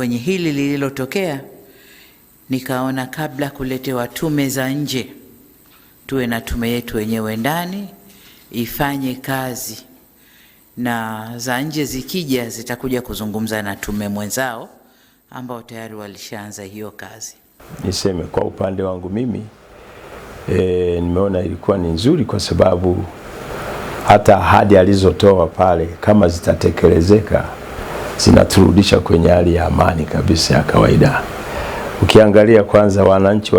kwenye hili lililotokea, nikaona kabla kuletewa tume za nje, tuwe na tume yetu wenyewe ndani ifanye kazi, na za nje zikija zitakuja kuzungumza na tume mwenzao ambao tayari walishaanza hiyo kazi. Niseme kwa upande wangu mimi e, nimeona ilikuwa ni nzuri kwa sababu hata ahadi alizotoa pale kama zitatekelezeka zinaturudisha kwenye hali ya amani kabisa ya kawaida. Ukiangalia kwanza, wananchi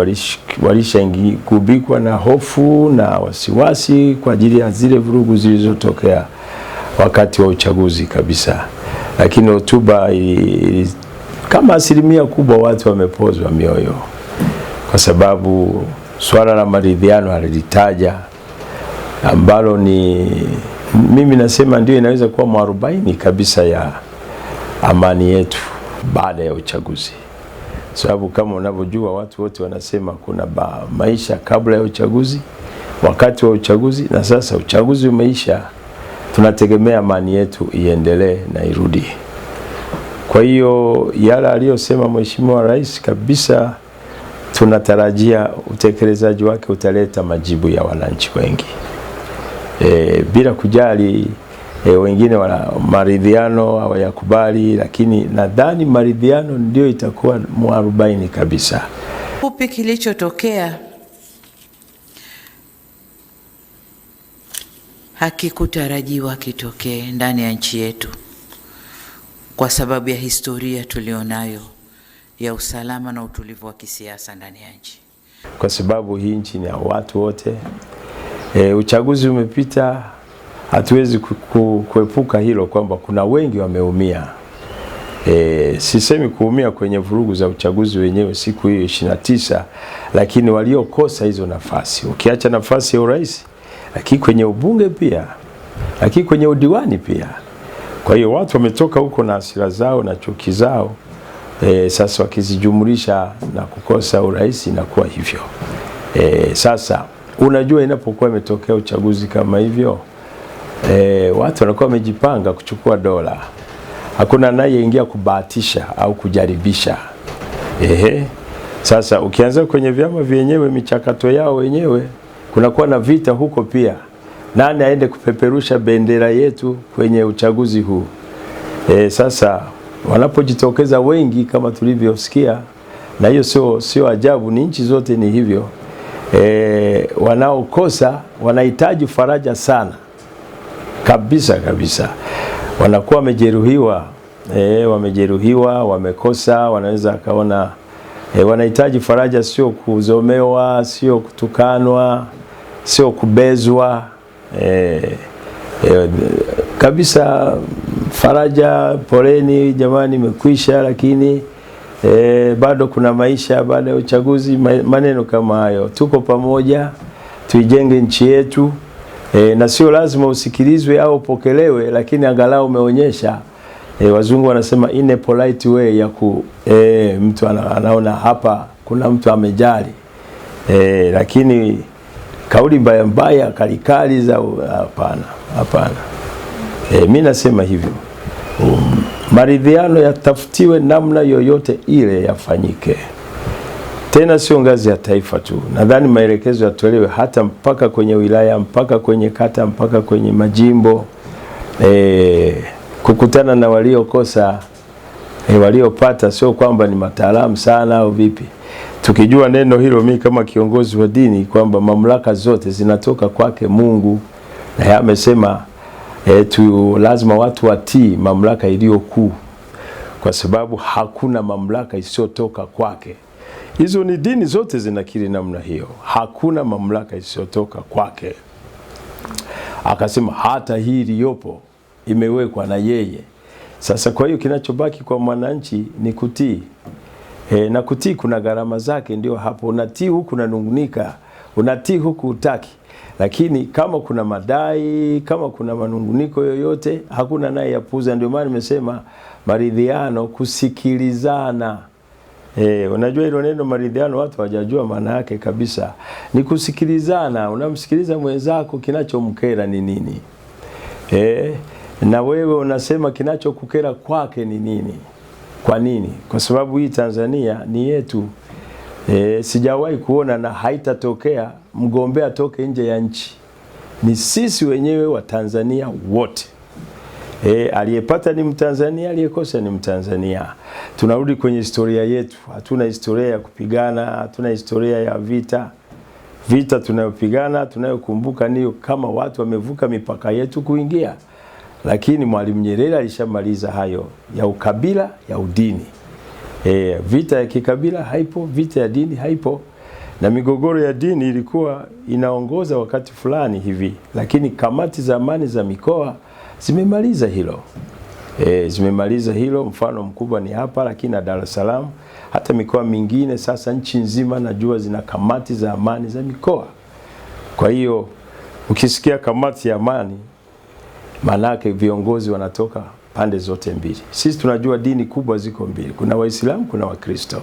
walishagubikwa na hofu na wasiwasi kwa ajili ya zile vurugu zilizotokea wakati wa uchaguzi kabisa, lakini hotuba kama asilimia kubwa watu wamepozwa mioyo, kwa sababu swala la maridhiano alilitaja, ambalo ni mimi nasema ndio inaweza kuwa mwarobaini kabisa ya amani yetu baada ya uchaguzi, sababu kama unavyojua watu wote wanasema kuna ba, maisha kabla ya uchaguzi, wakati wa uchaguzi na sasa. Uchaguzi umeisha, tunategemea amani yetu iendelee na irudi. Kwa hiyo yale aliyosema Mheshimiwa Rais kabisa, tunatarajia utekelezaji wake utaleta majibu ya wananchi wengi e, bila kujali e, wengine wana maridhiano hawayakubali, lakini nadhani maridhiano ndio itakuwa mwarobaini kabisa. Fupi kilichotokea hakikutarajiwa kitokee ndani ya nchi yetu kwa sababu ya historia tulionayo ya usalama na utulivu wa kisiasa ndani ya nchi, kwa sababu hii nchi ni ya watu wote. E, uchaguzi umepita hatuwezi kuepuka hilo kwamba kuna wengi wameumia. E, sisemi kuumia kwenye vurugu za uchaguzi wenyewe siku hiyo ishirini na tisa, lakini waliokosa hizo nafasi, ukiacha nafasi ya urais, lakini kwenye ubunge pia, lakini kwenye udiwani pia. Kwa hiyo watu wametoka huko na hasira zao na chuki zao e, sasa wakizijumulisha na kukosa urais inakuwa hivyo. E, sasa unajua inapokuwa imetokea uchaguzi kama hivyo e, watu wanakuwa wamejipanga kuchukua dola. Hakuna anayeingia kubahatisha au kujaribisha. Ehe. Sasa ukianza kwenye vyama vyenyewe, michakato yao wenyewe, kunakuwa na vita huko pia. Nani aende kupeperusha bendera yetu kwenye uchaguzi huu? E, sasa wanapojitokeza wengi kama tulivyosikia, na hiyo sio sio ajabu, ni nchi zote ni hivyo. E, wanaokosa wanahitaji faraja sana kabisa kabisa, wanakuwa wamejeruhiwa e, wamejeruhiwa, wamekosa, wanaweza akaona e, eh, wanahitaji faraja, sio kuzomewa, sio kutukanwa, sio kubezwa e, e, kabisa faraja. Poleni jamani, imekwisha, lakini e, bado kuna maisha baada ya uchaguzi. Maneno kama hayo, tuko pamoja, tuijenge nchi yetu e, na sio lazima usikilizwe au upokelewe, lakini angalau umeonyesha e, wazungu wanasema in a polite way ya ku e, mtu anaona hapa kuna mtu amejali e, lakini kauli mbaya mbaya kalikali za hapana, hapana. E, mimi nasema hivyo um, maridhiano yatafutiwe namna yoyote ile yafanyike tena sio ngazi ya taifa tu. Nadhani maelekezo yatolewe hata mpaka kwenye wilaya, mpaka kwenye kata, mpaka kwenye majimbo e, kukutana na waliokosa e, waliopata, sio kwamba ni mataalamu sana au vipi. Tukijua neno hilo, mi kama kiongozi wa dini kwamba mamlaka zote zinatoka kwake Mungu, na amesema e, tu lazima watu watii mamlaka iliyo kuu, kwa sababu hakuna mamlaka isiyotoka kwake. Hizo ni dini zote zinakiri namna hiyo, hakuna mamlaka isiyotoka kwake. Akasema hata hii iliyopo imewekwa na yeye. Sasa kwa hiyo kinachobaki kwa mwananchi ni kutii e, na kutii kuna gharama zake. Ndio hapo unatii huku unanungunika, unatii huku utaki, lakini kama kuna madai, kama kuna manunguniko yoyote, hakuna naye yapuza. Ndio maana nimesema maridhiano, kusikilizana Eh, unajua hilo neno maridhiano watu hawajajua maana yake kabisa. Ni kusikilizana, unamsikiliza mwenzako kinachomkera ni nini? Eh, na wewe unasema kinachokukera kwake ni nini? Kwa nini? Kwa sababu hii Tanzania ni yetu. E, sijawahi kuona na haitatokea mgombea toke nje ya nchi. Ni sisi wenyewe wa Tanzania wote. E, aliyepata ni Mtanzania, aliyekosa ni Mtanzania. Tunarudi kwenye historia yetu. Hatuna historia ya kupigana, hatuna historia ya vita. Vita tunayopigana tunayokumbuka niyo kama watu wamevuka mipaka yetu kuingia, lakini Mwalimu Nyerere alishamaliza hayo ya ukabila, ya udini. E, vita ya kikabila haipo, vita ya dini haipo, na migogoro ya dini ilikuwa inaongoza wakati fulani hivi, lakini kamati za amani za mikoa zimemaliza hilo e, zimemaliza hilo. Mfano mkubwa ni hapa, lakini na Dar es Salaam, hata mikoa mingine sasa nchi nzima najua zina kamati za amani za mikoa. Kwa hiyo ukisikia kamati ya amani, maanake viongozi wanatoka pande zote mbili. Sisi tunajua dini kubwa ziko mbili, kuna Waislamu, kuna Wakristo,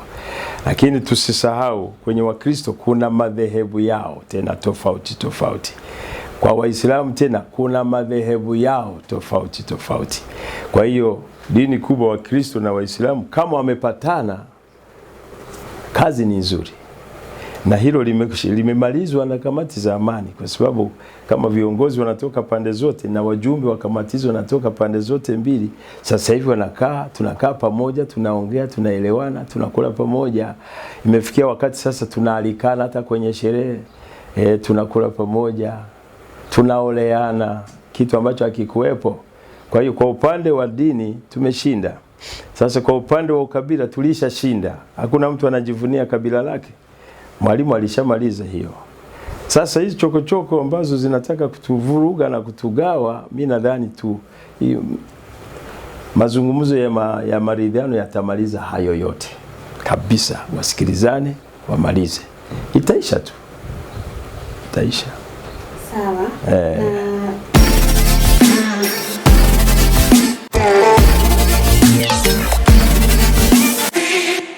lakini tusisahau kwenye Wakristo kuna madhehebu yao tena tofauti tofauti. Kwa Waislamu tena kuna madhehebu yao tofauti tofauti. Kwa hiyo dini kubwa wa Kristo na Waislamu kama wamepatana, kazi ni nzuri, na hilo limemalizwa na kamati za amani, kwa sababu kama viongozi wanatoka pande zote na wajumbe wa kamati hizo wanatoka pande zote mbili, sasa hivi wanakaa, tunakaa pamoja, tunaongea, tunaelewana, tunakula pamoja. Imefikia wakati sasa tunaalikana hata kwenye sherehe e, tunakula pamoja tunaoleana, kitu ambacho hakikuwepo. Kwa hiyo kwa upande wa dini tumeshinda. Sasa kwa upande wa ukabila tulishashinda, hakuna mtu anajivunia kabila lake. Mwalimu alishamaliza hiyo. Sasa hizi chokochoko ambazo zinataka kutuvuruga na kutugawa, mi nadhani tu mazungumzo ya, ma, ya maridhiano yatamaliza hayo yote kabisa. Wasikilizane, wamalize, itaisha tu, itaisha. Sawa. Eh. Na